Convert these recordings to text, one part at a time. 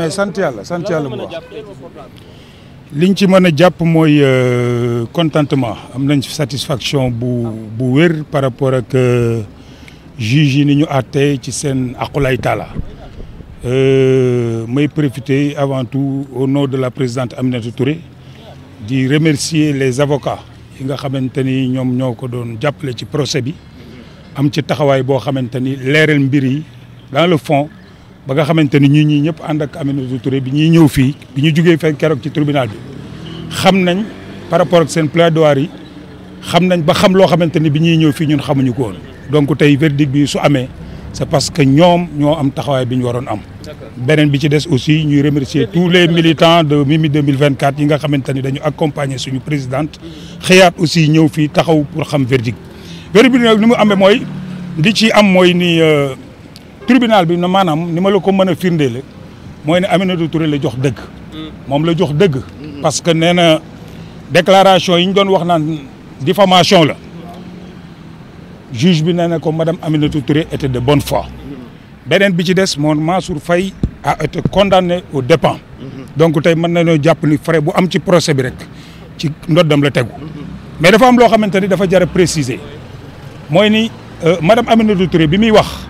mais sant yàlla sant yàlla bu baax liñ ci mën a jàpp euh, contentement am nañ satisfaction bu bu wér par rapport ak euh, juge yi ni ñu àttee ci seen aqulay taala euh, may profiter avant tout au nom de la présidente Aminata Touré di remercier les avocats yi nga xamante ni ñoom ñoo ko doon jàppale ci procès bi am ci taxawaay boo xamante ni leeral dans le fond ba nga xamante ni ñi ñii ñëpp ànd ak Aminata Touré bi ñuy ñëw fii bi ñu jugee fekk keroog ci tribunal bi xam nañ par rapport ak seen plaidoirie yi xam nañ ba xam loo xamante ni bi ñuy ñëw fii ñun xamuñu ko woon. donc tey verdict bi su amee c'est parce que ñoom ñoo am taxawaay bi ñu waroon am. beneen bi ci des aussi ñuy remercier tous les militants de Mimi 2024 yi nga xamante ni dañu accompagner suñu présidente xëyaat aussi ñëw fii taxaw pour xam verdict verdict bi nag ni mu amee mooy li ci am mooy ni. Euh, tribunal bi manam nima ni ma la ko mën a firndeele mooy ne Touré la jox deug mom la jox deug parce que néna déclaration yiñ ñu doon wax nan diffamation la juge bi néna ko madame Aminata Touré était de bonne foi. benen bi ci dess mon Mansour fay a été condamné au dépens. donc tay mën nañu japp ni frais bu am ci procès bi rek ci ndodam la tegu. mais dafa am lo xamanteni dafa jara préciser moy ni euh, madame Aminata Touré bi mi wax.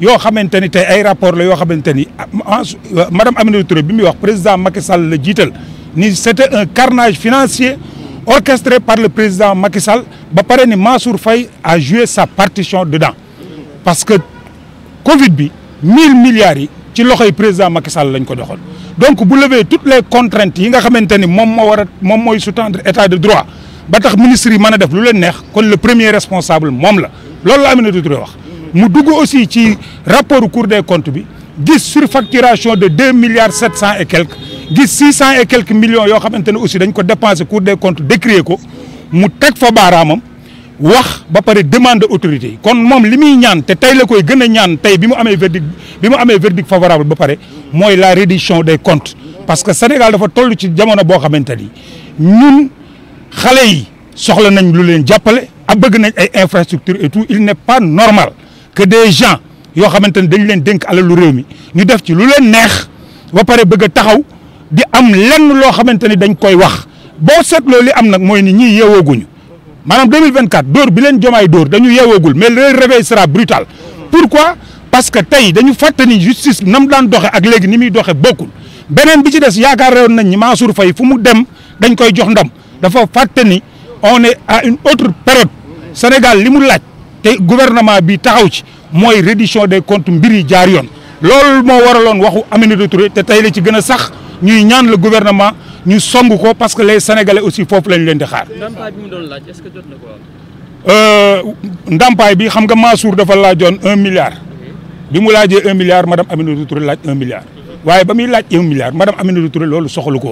yoo xamante ni tey ay rapport la yoo xamante ni ah, madame Aminata Touré bi muy wax président Macky Sall la jiital ni c'était un carnage financier orchestré par le président Macky Sall ba pare ni Mansour Faye a joué sa partition dedans parce que Covid bi mille milliards yi ci loxoy président Macky Sall lañ ko doxal donc bu lever toutes les contraintes yi nga xamante ni moom moo war a moom mooy sous-tendre état de droit ba tax ministre yi mën a def lu leen neex kon le premier responsable moom la loolu la Aminata Touré wax mu dugg aussi ci rapport Cour des comptes bi gis surfacturation de 2 milliards 700 et quelques gis 600 et quelques millions yoo xamante aussi dañ ko dépensé Cour des comptes décrier ko mu teg fa baaraamam wax ba pare demande autorité yi kon moom li ñaan té tay la koy gëna ñaan tay bimu amé verdict bimu amé verdict favorable ba paré moy la reddition des comptes parce que Sénégal dafa tollu ci jamono bo xamanteni ñun xalé yi soxla nañ lu leen jappalé ak bëgg nañ ay infrastructures et tout il n'est pas normal que des gens yoo xamante ne dañ leen dénk alalu réew mi ñu def ci lu leen neex ba pare bëgg taxaw di am lenn loo xamante ni dañ koy wax boo seetloo li am nag mooy ni ñii yeewooguñu maanaam 2024 dóor bi leen jomaay dóor dañu yeewoogul mais le réveil sera brutal pourquoi parce que tey dañu fàtte ni justice na daan doxe ak léegi ni muy doxe bokkul beneen bi ci des yaakaar rewoon nañ ñi Mansour Faye fu mu dem dañ koy jox ndam dafa fàtte ni on est à une autre période Sénégal li mu laaj te gouvernement bi taxaw ci mooy reddition des comptes mbir yi jaar yoon loolu moo waraloon waxu Aminata Touré te tey la ci gën a sax ñuy ñaan la gouvernement ñu song ko parce que les sénégalais aussi foofu lañ leen di xaar. ndàmpaay bi mu doon euh, bi xam nga Mansour dafa laajoon un milliard bi mu laajee un milliard madame Aminata Touré laaj un milliard waaye ba muy laaj un milliard madame Aminata Touré loolu soxalu ko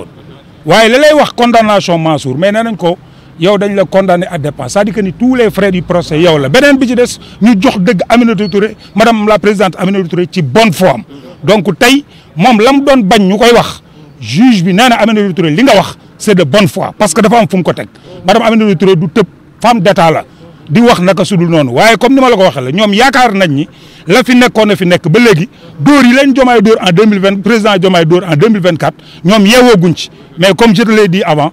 waaye li lay wax condamnation Mansour mais nee ko. yow dañ la condamné à dépens ça dit que ni tous les frais du procès yow la benen bi ci dess ñu jox deug Aminata Touré madame la présidente Aminata Touré ci bonne foi donc tay mom lam mu doon bañ ñu wax juge bi nee na Touré li nga wax c'est de bonne foi parce que dafa am fu ko tek madame Aminata Touré du teup femme d'état la di wax naka sudul non waye comme ni ma la ko waxee la ñoom nañ ni la fi nekkone fi nekk ba légui dóor yi lañ jomay dóor en 2020 président jomay dóor en 2024 ñom yéwoguñ ci mais comme je te l'ai dit avant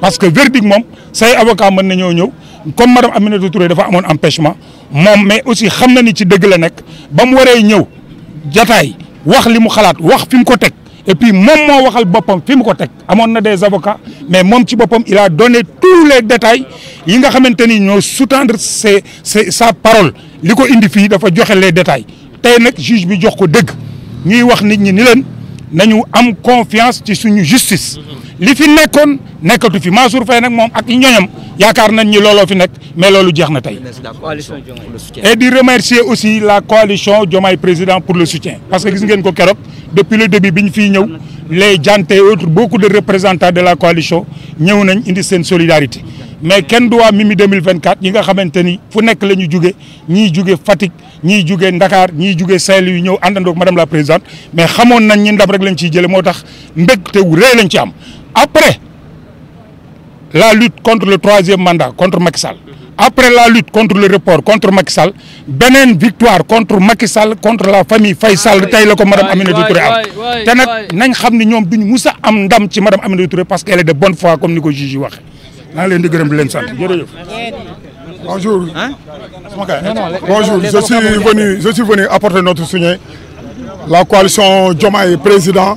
parce que verdict mom say avocat mën na ñew comme madame Aminata Touré dafa amone empêchement mom mais aussi xamna ni ci deug la nekk bam mu ñew ñëw wax li mu wax fim ko tek et puis mom mo waxal bopam fim ko tek amone na des avocats mais mom ci bopam il a donné tous les détails yi nga xamanteni ni ñoo sous-tendre ses sa parole liko indi fi dafa joxe les détails tay nak juge bi jox ko deug ñuy wax nit ñi ni leen nañu am confiance ci suñu justice li fi nekkoon nekkatu fi Mansour Faye ak nañ ñi fi mais loolu et di remercier aussi la coalition Diomaye Président pour le soutien parce que depuis le début les gens autres beaucoup de représentants de la coalition ñëw nañ solidarité mais kenn 2024 Nous nga xamante fu nekk la ñu Fatick madame la présidente mais xamoon nañ ñi ndab rek lañ ciy après la lutte contre le troisième mandat, contre Macky Sall, après la lutte contre le report, contre Macky Sall, une victoire contre Macky Sall contre la famille Faye ah Sall tey Mme madame Touré am Nous nag xam ne ñoom duñ madame parce qu'elle est de bonne foi comme nous ko dit. bonjour. Hein? bonjour je suis venu je suis venu apporter notre soutien la coalition est président.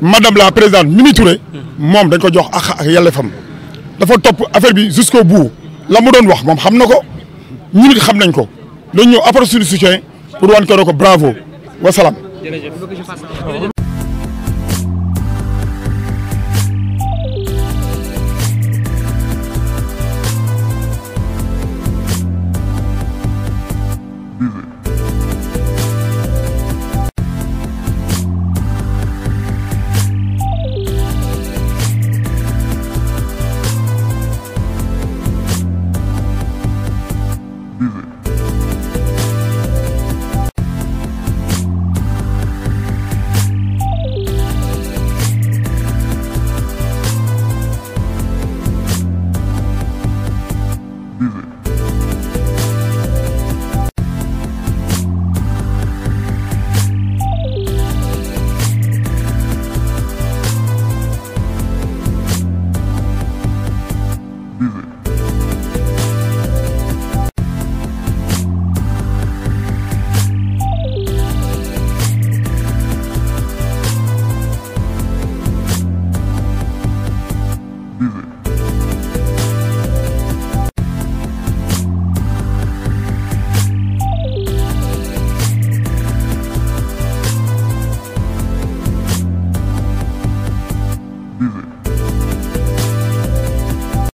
madame la présidente Mimi Touré moom dañ ko jox ak ak yàlla fam dafa top affaire bi jusqu'au bout la mu doon wax moom xam na ko ñun it xam nañ ko dañ ñëw apporter soutien pour wan ko ne ko bravo wasalaam.